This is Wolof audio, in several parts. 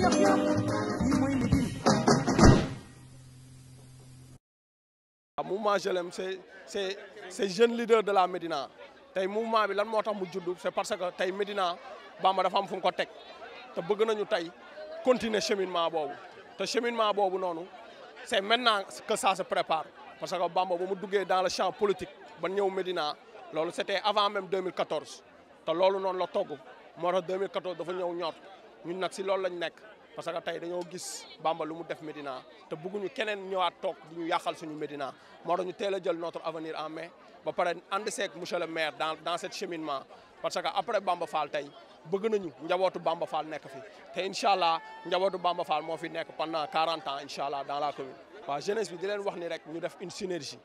yëpp yëpp lii mooy est est c' est jeune leader de la Médina tey mouvement bi lan moo tax mu juddu c' est parce que tey Médina Bamba dafa am fu mu ko teg te bëgg nañu tey continuer cheminement boobu te cheminement boobu noonu c' est maintenant que ça se prépare parce que Bamba ba mu duggee dans le champ politique ba ñëw Médina loolu c' était avant même 2014 te loolu noonu la togg moo tax 2014 dafa ñëw ñor. ñun nag si loolu lañ nekk parce que tey dañoo gis Bamba lu mu def Médina te bëgguñu keneen ñëwaat toog di ñu yàqal suñu Médina moo tax ñu teel a jël notre avenir en main ba pare ànd seeg monsieur le maire dans dans cet cheminement parce que après Bamba Fall tey bëgg nañu njabootu Bamba Fall nekk fi te incha allah njabootu Bamba Fall moo fi nekk pandant 40 ans incha allah dans la commune waaw jeunesse bi di leen wax ni rek ñu def une synergie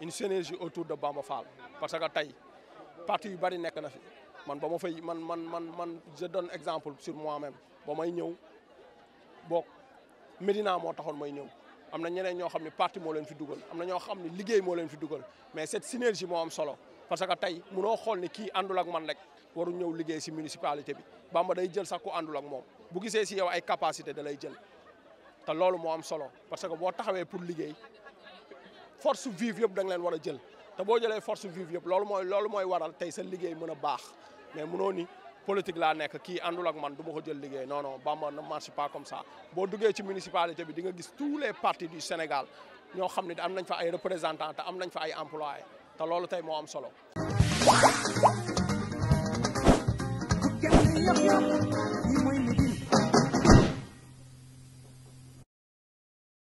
une synergie autour de Bamba Fall parce que tey parti yu bari nekk na fi man ba ma fay man man man man je exemple sur mois même ba may ñëw book Médina moo taxoon may ñëw am na ñeneen ñoo xam ne parti moo leen fi dugal am na ñoo xam ne liggéey moo leen fi dugal mais cette synergie moo am solo parce que tey munoo xool ni kii àndul ak man rek waru ñëw liggéey si municipalité bi Bamba day jël sax ku àndul moom bu gisee si yow ay capacité da lay jël te loolu moo am solo parce que boo taxawee pour liggéey force vive yëpp da leen war a jël te boo jëlee force vive yëpp loolu mooy loolu mooy waral tey sa liggéey mën a baax mais munoo ni politique laa nekk kii àndul ak man du ma ko jël liggéey non non Bamba ne marche pas comme ça boo duggee ci municipalité bi di nga gis tous les partis du Sénégal ñoo xam ne am nañ fa ay représentants te am nañ fa ay employés te loolu tey moo am solo.